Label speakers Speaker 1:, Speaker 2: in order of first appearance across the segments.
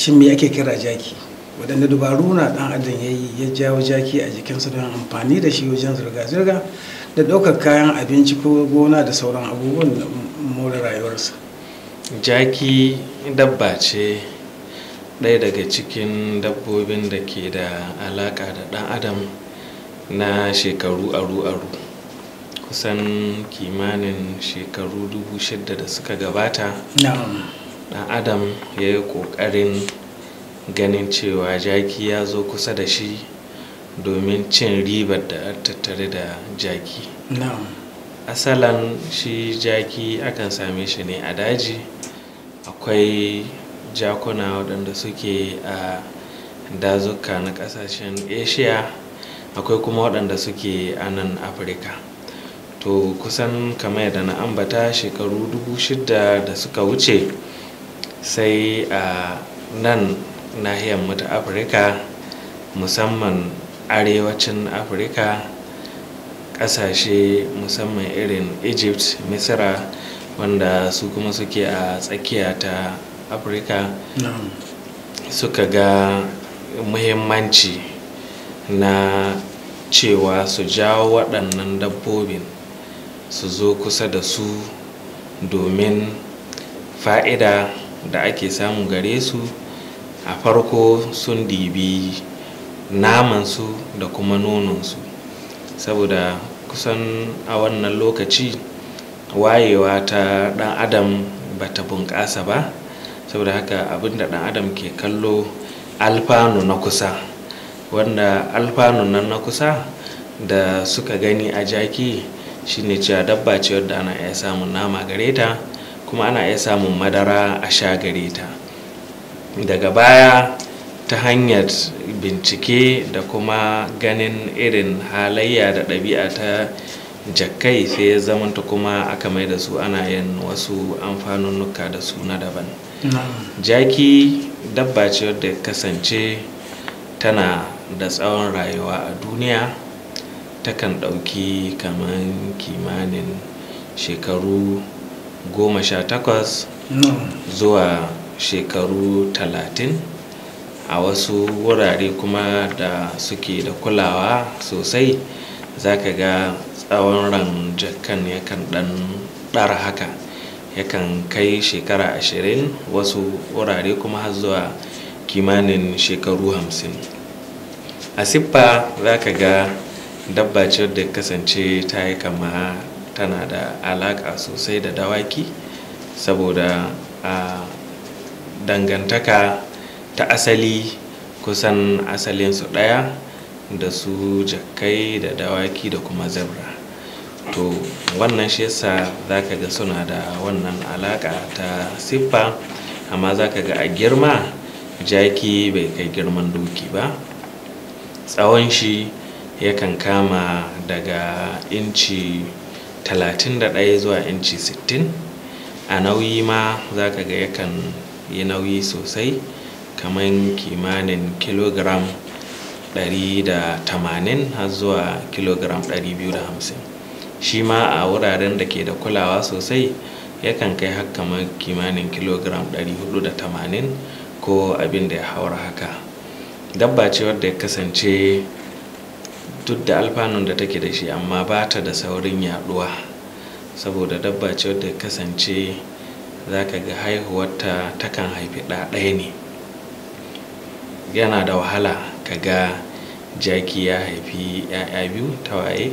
Speaker 1: shin me ake kira jaki waɗanda dubaru na ɗan adam ya yi ya jawo jaki a jikinsa don amfani da shi wajen zirga-zirga da ɗaukar kayan abinci ko gona da sauran abubuwan da more rayuwarsa
Speaker 2: jaki dabba ce ɗaya daga cikin dabbobin da ke da alaƙa da ɗan adam na shekaru aru-aru kusan kimanin shekaru dubu shidda da suka gabata ɗan adam ya yi ƙoƙarin ganin cewa jaki ya zo kusa da shi domin cin ribar da tattare da jaki asalan shi jaki akan same shi ne a daji akwai jakuna waɗanda suke a dazuka na ƙasashen asia akwai kuma waɗanda suke a nan afirka to kusan kamar yadda na ambata shekaru dubu shida da suka wuce sai a nan nahiyar mu ta afirka musamman arewacin afirka ƙasashe musamman irin egypt misira wanda su kuma suke a tsakiya ta afirka suka ga muhimmanci na cewa su jawo waɗannan dabbobin su zo kusa da su domin fa'ida da ake samu gare su a farko sun dibi namansu da kuma su saboda kusan a wannan lokaci wayewa ta ɗan adam ba ta bunƙasa ba saboda haka abinda ɗan adam ke kallo alfanu na kusa wanda alfanu nan na kusa da suka gani a jaki shine cewa dabba ce wadda ana iya samun nama gare ta kuma ana iya samun madara a sha gare ta daga baya ta hanyar bincike da kuma ganin irin halayya da ɗabi'a ta jakai sai ya zamanta kuma aka mai da su ana yin wasu amfanunnuka da su na daban jaki dabba ce wadda kasance tana da tsawon rayuwa a duniya ta kan ɗauki kamar kimanin shekaru goma sha takwas zuwa shekaru talatin a wasu wurare kuma da suke da kulawa sosai za ka ga tsawon ran jakan yakan dan ɗara haka yakan kai shekara ashirin wasu wurare kuma har zuwa kimanin shekaru hamsin a siffa za ka ga dabba da kasance ta yi kama tana da alaƙa sosai da dawaki saboda a dangantaka ta asali kusan asalinsu ɗaya da su jakai da dawaki da kuma zebra to wannan shi yasa za ka ga suna da wannan alaƙa ta siffa amma za ka ga a girma jaki bai kai girman doki ba tsawon shi yakan kama daga inci 31 zuwa inci 60 a nauyi ma za ka ga yakan yi nauyi sosai kamar kimanin kilogram 180 har zuwa kilogram 250 shi ma a wuraren da ke da kulawa sosai yakan kai har kamar kimanin kilogram 480 ko abin da ya haura haka dabba ce wadda ya kasance duk da alfanun da take da shi amma ba ta da saurin yaduwa saboda dabba ce wadda kasance za ka ga haihuwarta takan haifi ɗaya ne yana da wahala ka ga jaki ya haifi 'ya'ya biyu ta waye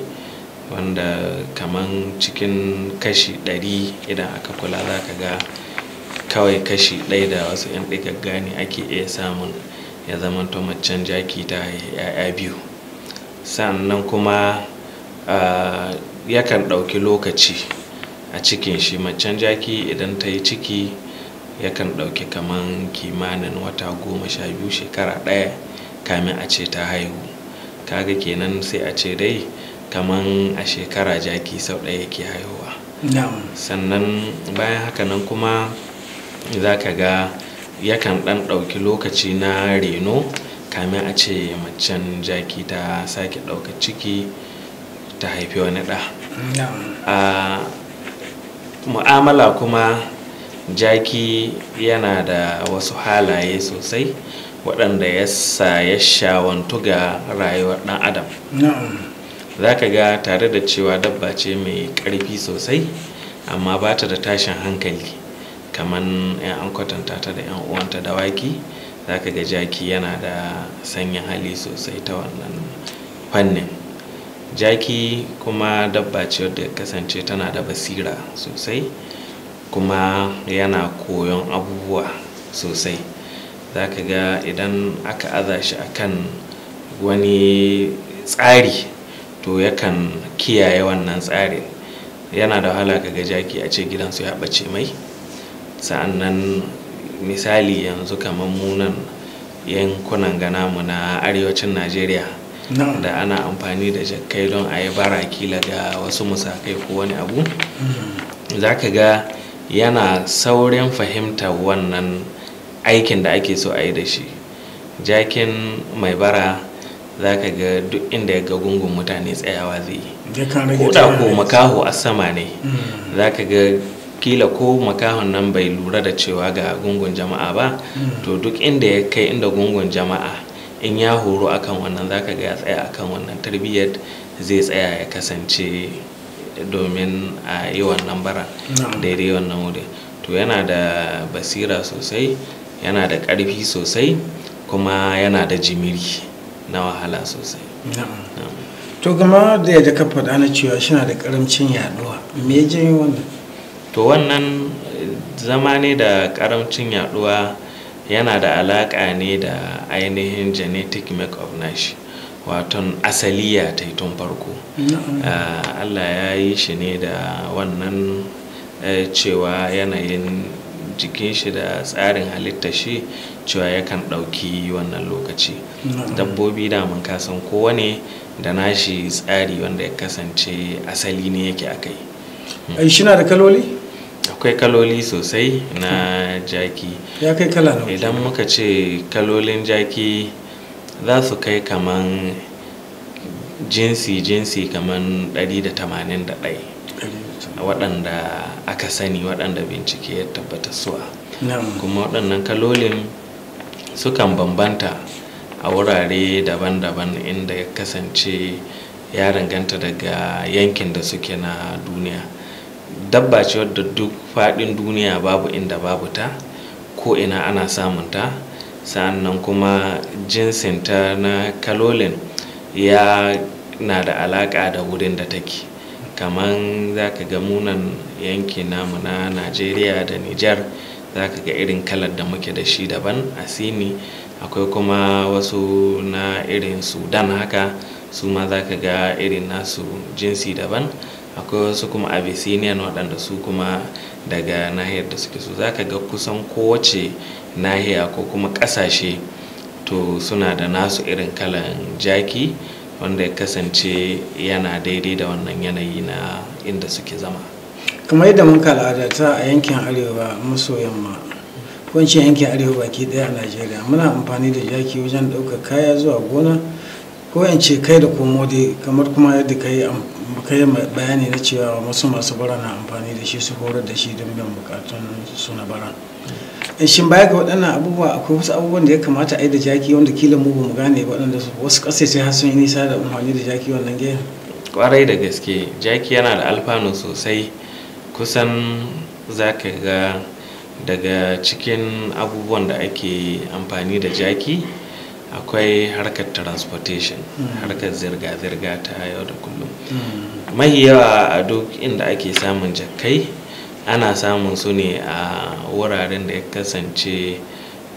Speaker 2: wanda kaman cikin kashi ɗari idan aka kula za ka ga kawai kashi ɗaya da wasu 'yan ɗigagga ake iya samun ya zama macen jaki ta haifi 'ya'ya biyu sannan kuma ah, yakan ɗauki lokaci a cikin shi macen jaki idan ta yi ciki yakan ɗauki kaman kimanin wata goma sha biyu shekara ɗaya kamin a ce ta haihu kaga kenan sai a ce dai kaman a shekara jaki sau ɗaya yake haihuwa sannan bayan haka nan kuma za ka ga yakan ɗan ɗauki lokaci na reno kamin a ce macen jaki ta sake ɗauka ciki ta haifi wani ɗa a mu'amala kuma jaki yana da wasu halaye sosai waɗanda ya sa ya shawantu ga rayuwar ɗan adam za ka ga tare da cewa dabba ce mai ƙarfi sosai amma ba ta da tashin hankali kamar 'yan an kwatanta ta da 'yan uwanta da dawaki za ka ga jaki yana da sanya hali sosai ta wannan fannin jaki kuma dabba ce da kasance tana da basira sosai kuma yana koyon abubuwa sosai za ka ga idan aka aza shi kan wani tsari to yakan kiyaye wannan tsari yana da wahala ka ga jaki a ce gidansu ya ɓace mai sa'annan misali yanzu kamar munan yankunan mu na arewacin najeriya da ana amfani da jakkai don a yi bara kila ga wasu musakai ko wani abu
Speaker 1: mm-hmm.
Speaker 2: za ka ga yana saurin fahimtar wannan aikin da ake so a yi da shi jakin mai bara za ka ga duk inda ya ga gungun mutane tsayawa zai yi ko makaho a sama ne mm-hmm. za ka ga kila ko makahon nan bai lura da cewa ga gungun jama'a ba mm. to duk inda ya kai inda gungun jama'a in ya horo akan wannan zaka ga ya tsaya akan wannan tarbiyyar zai tsaya ya kasance domin a yi wannan bara daidai wannan wuri to yana da basira sosai yana da ƙarfi sosai kuma yana da jimiri na wahala sosai
Speaker 1: to gama da yadda kafa da na cewa shi na da ƙaramcin yaduwa me wannan
Speaker 2: to wannan zama ne da karamcin yaduwa yana da alaka ne da ainihin genetic makeup nashi waton asaliya ta tun farko ah, allah ya yi shi ne da wannan eh, cewa yanayin jikin shi da tsarin halitta shi cewa yakan ɗauki wannan lokaci dabbobi mun kasan kowane da nashi tsari wanda ya kasance asali ne yake akai shi na da kaloli? akwai kaloli sosai na jaki ya kai kala na idan muka ce kalolin jaki za su kai kaman jinsi-jinsi kaman 181 waɗanda aka sani waɗanda bincike ya tabbata suwa kuma waɗannan kalolin sukan bambanta a wurare daban-daban inda ya kasance ya danganta daga yankin da suke na duniya dabba ce wadda duk faɗin duniya babu inda babu ta ko ina ana samun ta sannan kuma jinsinta na kalolin ya na da alaƙa da wurin da take kamar za ka ga munan yanki namu na najeriya da nijar za ka ga irin kalar da muke da shi daban a sini akwai kuma wasu na irin sudan haka su ma za ka ga irin nasu jinsi daban akwai wasu kuma abyssinian waɗanda su kuma daga nahiyar da suke su za ka ga kusan kowace nahiya ko kuma ƙasashe to suna da nasu irin kalan jaki wanda ya kasance yana daidai da wannan yanayi na inda suke zama
Speaker 1: kamar yadda mun al'adata a yankin arewa maso yamma ko yankin arewa baki daya a najeriya muna amfani da jaki wajen ɗaukar kaya zuwa gona ko kai da komo kamar kuma yadda ka yi muka yi bayani na cewa wasu masu bara na amfani da shi su horar da shi don bin bukatun su bara eh, shin baya ga waɗannan abubuwa akwai wasu abubuwan da ya kamata a yi da jaki wanda kila mu mu gane waɗanda wasu sai har sun yi nisa da umarni da jaki wannan gehen
Speaker 2: kwarai da gaske jaki yana da alfanu sosai kusan za ka ga daga cikin abubuwan da ake amfani da jaki akwai harkar transportation harkar zirga-zirga ta yau da kullum
Speaker 1: hmm.
Speaker 2: mai yawa a duk inda ake samun jakkai ana samun su ne a wuraren da ya kasance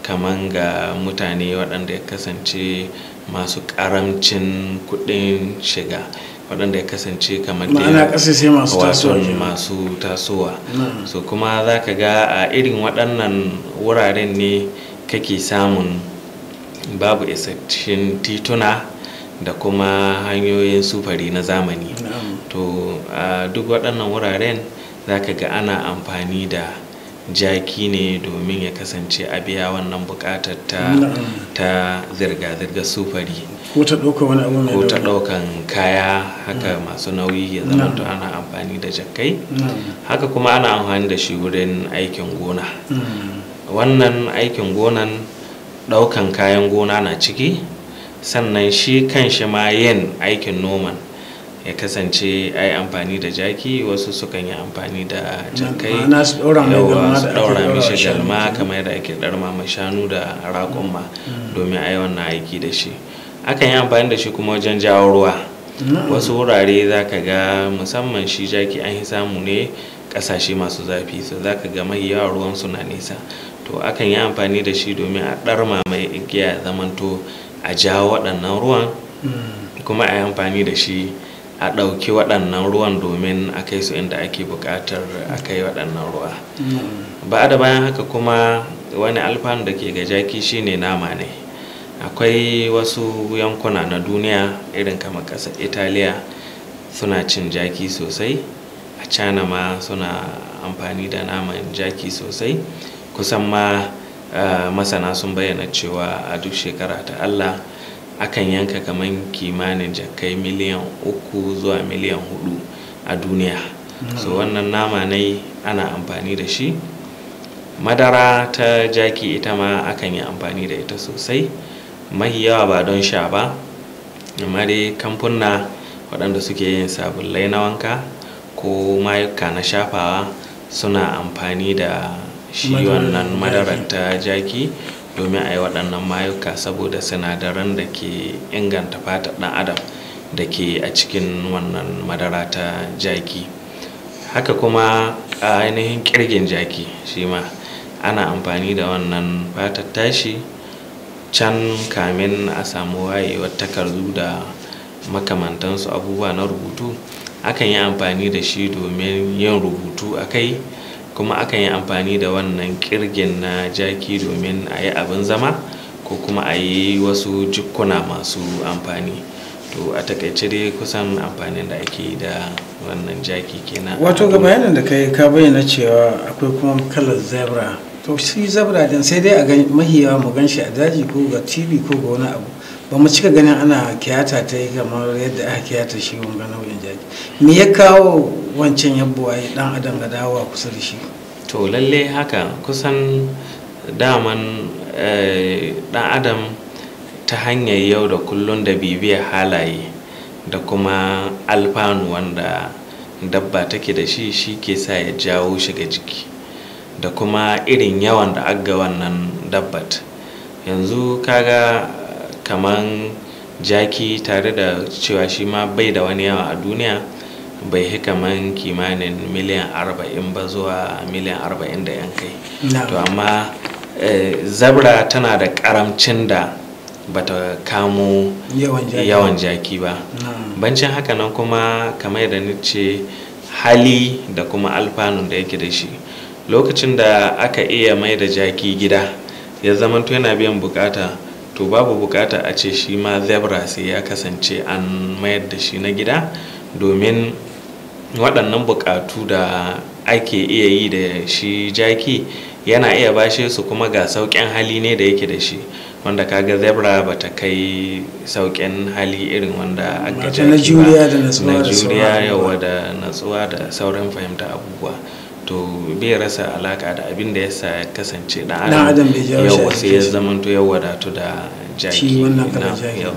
Speaker 2: kaman ga mutane waɗanda ya kasance masu ƙaramcin kuɗin shiga waɗanda ya kasance kamar da masu tasowa hmm. so kuma za ka ga a irin waɗannan wuraren ne kake samun babu isasshen tituna da kuma hanyoyin sufari na zamani to a duk waɗannan wuraren za ka ga ana amfani da jaki ne domin ya kasance a biya wannan bukatar ta zirga-zirga sufari
Speaker 1: ko ta ɗaukan
Speaker 2: kaya haka masu nauyi ya zama to ana amfani da jakai haka kuma ana amfani da shi wurin aikin gona wannan aikin gonan ɗaukan kayan gona na ciki sannan shi kan shi ma yin aikin noman ya kasance ai amfani da jaki wasu sukan yi amfani da jakai yawa su ɗaura mishi galma kamar yadda ake ɗarma ma shanu da raƙumma mm. domin a yi wannan aiki da shi akan yi amfani da shi kuma wajen jawo ruwa mm. wasu wurare za ka ga musamman shi jaki an yi samu ne ƙasashe masu zafi so za ka ga mai yawa ruwan suna nisa to akan yi amfani da shi domin a ɗarma mai igiya zamanto a ja waɗannan ruwan
Speaker 1: hmm.
Speaker 2: kuma a yi amfani da shi a ɗauki waɗannan ruwan domin a kai su inda ake buƙatar a kai waɗannan ruwa hmm. ba da bayan haka kuma wani alfanu da ke ga jaki shine nama ne akwai wasu yankuna na duniya irin kamar ƙasar italiya suna cin jaki sosai a cana ma suna amfani da naman jaki sosai kusan ma eh, masana sun bayyana cewa a duk shekara ta allah akan yanka kamar kimanin jakai miliyan uku zuwa miliyan hudu a duniya so hmm. wannan nama ne ana amfani da shi madara ta jaki ita ma akan yi amfani da ita sosai mahi yawa ba don sha ba amma dai kamfuna waɗanda suke yin sabulai na wanka ko mayuka na shafawa suna amfani da shi wannan madarar ta jaki domin a yi waɗannan mayuka saboda sinadaran da ke inganta fata ɗan adam da ke a cikin wannan madara ta jaki haka kuma a ainihin kirgin jaki shi ma ana amfani da wannan fatar tashi can kamin a samu wayewar takardu da makamantansu abubuwa na rubutu akan yi amfani da shi domin yin rubutu a kai kuma akan yi amfani da wannan kirgin na jaki domin a yi abin zama ko kuma a yi wasu jukkuna masu amfani to a takaice dai kusan amfanin da ake da wannan jaki kenan wato
Speaker 1: ga bayanin da kai ka bayyana cewa akwai kuma kalar zebra to shi zebra din sai dai a mahiyawa mu ganshi a daji ko ga tv ko ga wani abu ba mu cika ganin ana kiyata ta yi kamar yadda aka kiyata shi wanga nau'in jaki me ya kawo wancan yabuwa ya dan adam ga dawowa kusa da shi
Speaker 2: to lalle haka kusan daman dan eh, adam ta hanyar yau da kullun da bibiya halaye da kuma alfanu wanda dabba take da shi shi ke sa ya jawo shiga jiki da kuma irin yawan da aga wannan dabbat yanzu kaga kamar jaki tare da cewa shi ma bai da wani yawa a duniya bai yi kamar kimanin miliyan arba'in ba zuwa miliyan arba'in da yan kai to amma eh, zabra tana da karamcin da bata kamo yawan jaki ba bancin haka nan kuma kamar da ni ce hali da kuma alfanun da yake da shi lokacin da aka iya mai da jaki gida ya zamanto yana biyan bukata to babu bukata a ce shi ma zebra sai ya kasance an mayar da shi na gida domin waɗannan bukatu da ake iya yi da shi jaki yana iya bashe su kuma ga sauƙin hali ne da yake da shi wanda kaga zebra ba ta kai sauƙin hali irin wanda aka jaki ba na juriya da natsuwa da sauran fahimta abubuwa to bai rasa alaka da abin da sa ya kasance da adam yau sai ya zamanto ya wadatu da jaki